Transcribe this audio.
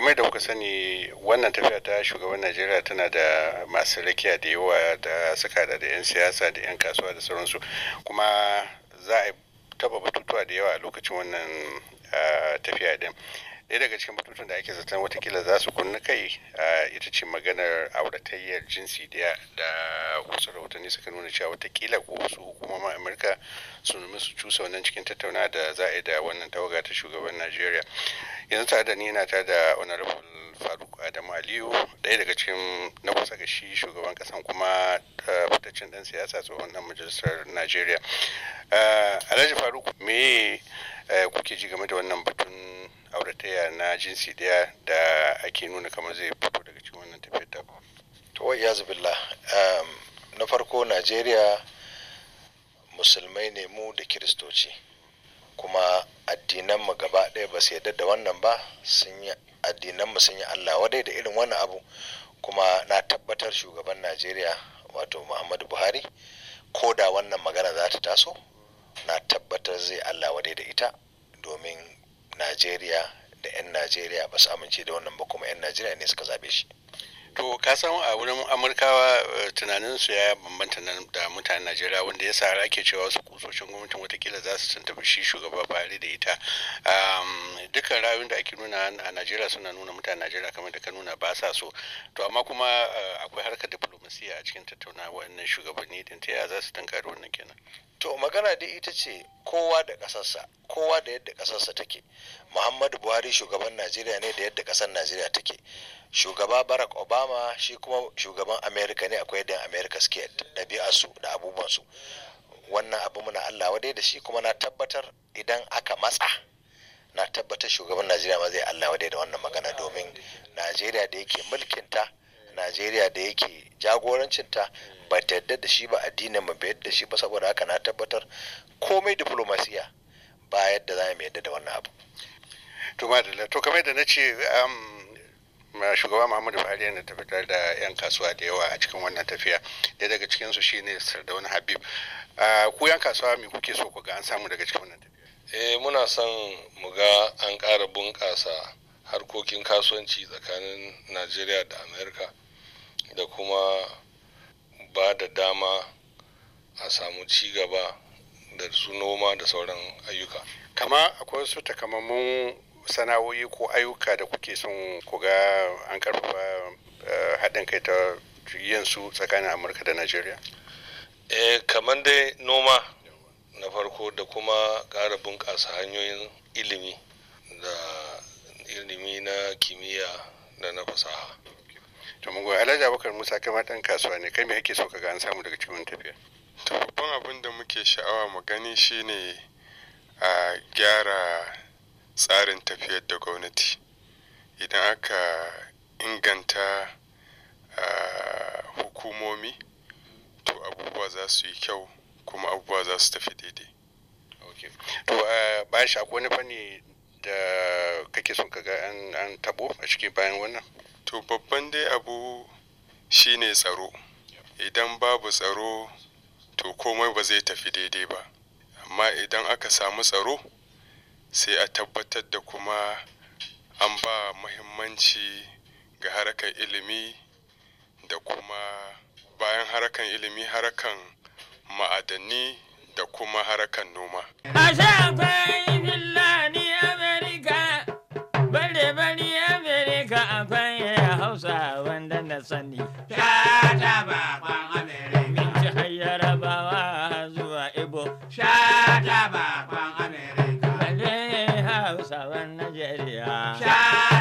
kamar da kuka sani wannan tafiya ta shugaban najeriya tana da masu rakiya da yawa da suka da 'yan siyasa da 'yan kasuwa da sauransu kuma za a taba batutuwa da yawa a lokacin wannan ah, tafiya din ɗaya daga cikin batutun da ake zaton watakila za su kunna kai ita ce maganar auratayyar jinsi daya da wasu rahotanni suka nuna cewa watakila ko wasu hukumomin amurka su nemi su cusa wannan cikin tattauna da za a yi da wannan tawaga ta shugaban najeriya yanzu tare da ni yana tare da honorable faruk adamu aliyu ɗaya daga cikin na kusa ga shi shugaban ƙasan kuma eh, fitaccen ɗan siyasa tsohon dan majalisar najeriya eh, alhaji faruk me eh, kuke ji game da wannan batun auratayya na jinsi ɗaya da ake nuna kamar zai fito daga cikin wannan tafiyar ta to wai ya zubilla ehm, na farko najeriya musulmai ne mu da kiristoci kuma addinanmu gaba ɗaya ba su yarda da wannan ba sun yi addinanmu sun yi allah wadai da irin wannan abu kuma na tabbatar shugaban najeriya wato muhammadu buhari ko da wannan magana za ta taso na tabbatar zai allah wadai da ita domin najeriya da 'yan najeriya ba su amince da wannan ba kuma 'yan najeriya ne suka zabe shi to ka san a wurin amurkawa eh, tunanin su ya bambanta da mutanen najeriya wanda ya sa ake cewa wasu kusoshin gwamnatin watakila za su sun tafi shi shugaba buhari da ita dukkan rayuwar da ake nuna a najeriya suna nuna mutanen najeriya kamar da ka nuna ba sa so to amma kuma eh, akwai harkar diplomasiya a cikin tattauna wannan shugabanni din ta ya za su tunkari wannan kenan to magana da ita ce kowa da ƙasarsa kowa da yadda ƙasarsa take muhammadu buhari shugaban najeriya ne da yadda ƙasar najeriya take shugaba barack obama shi kuma shugaban Amerika ne akwai yadda Amerika suke ɗabi'arsu da su. wannan abu muna allah wadai da shi kuma na tabbatar idan aka matsa na tabbatar shugaban najeriya ma zai allah wadai da wannan magana domin najeriya da yake mulkinta najeriya da yake jagorancinta hmm. ba ta yadda da shi ba addinin ba yadda da shi ba saboda haka na tabbatar komai diplomasiya ba yadda za mu yadda da wannan abu to madalla to kamar da na ce um, shugaba muhammadu buhari yana tabbatar da 'yan kasuwa da yawa a cikin wannan tafiya da daga cikinsu shine sardauna habib ku 'yan kasuwa me kuke so ku ga an samu daga cikin wannan tafiya eh muna son mu ga an ƙara bunƙasa harkokin kasuwanci tsakanin najeriya da amerika da kuma ba da dama a samu ci gaba da su noma da sauran ayyuka kama akwai wasu takamammun sana'o'i ko ayyuka da kuke son ku ga an karfafa eh, haɗin kai ta yin tsakanin amurka da najeriya eh kamar dai noma na farko da kuma ƙara bunƙasa hanyoyin ilimi fasaha to mun goyi alhaji abubakar musa kai ma dan kasuwa ne kai me kake so kaga an samu daga cikin tafiya to babban abin da muke sha'awa mu gani shine a gyara tsarin tafiyar da gwamnati idan aka inganta hukumomi to abubuwa za su yi kyau kuma abubuwa za su tafi daidai Ok, to bayan shi akwai wani fanni da kake son kaga an tabo a cikin bayan wannan to babban dai abu shine tsaro idan babu tsaro to komai ba zai tafi daidai ba amma idan aka samu tsaro sai a tabbatar da kuma an ba muhimmanci ga harakan ilimi da kuma bayan harakan ilimi harakan ma'adanni da kuma harakan noma. ya sani. Shata kwan Amerika. Min ci har yarabawa zuwa Ibo. Shata bakon Amerika. Balle Hausawan Najeriya. Shata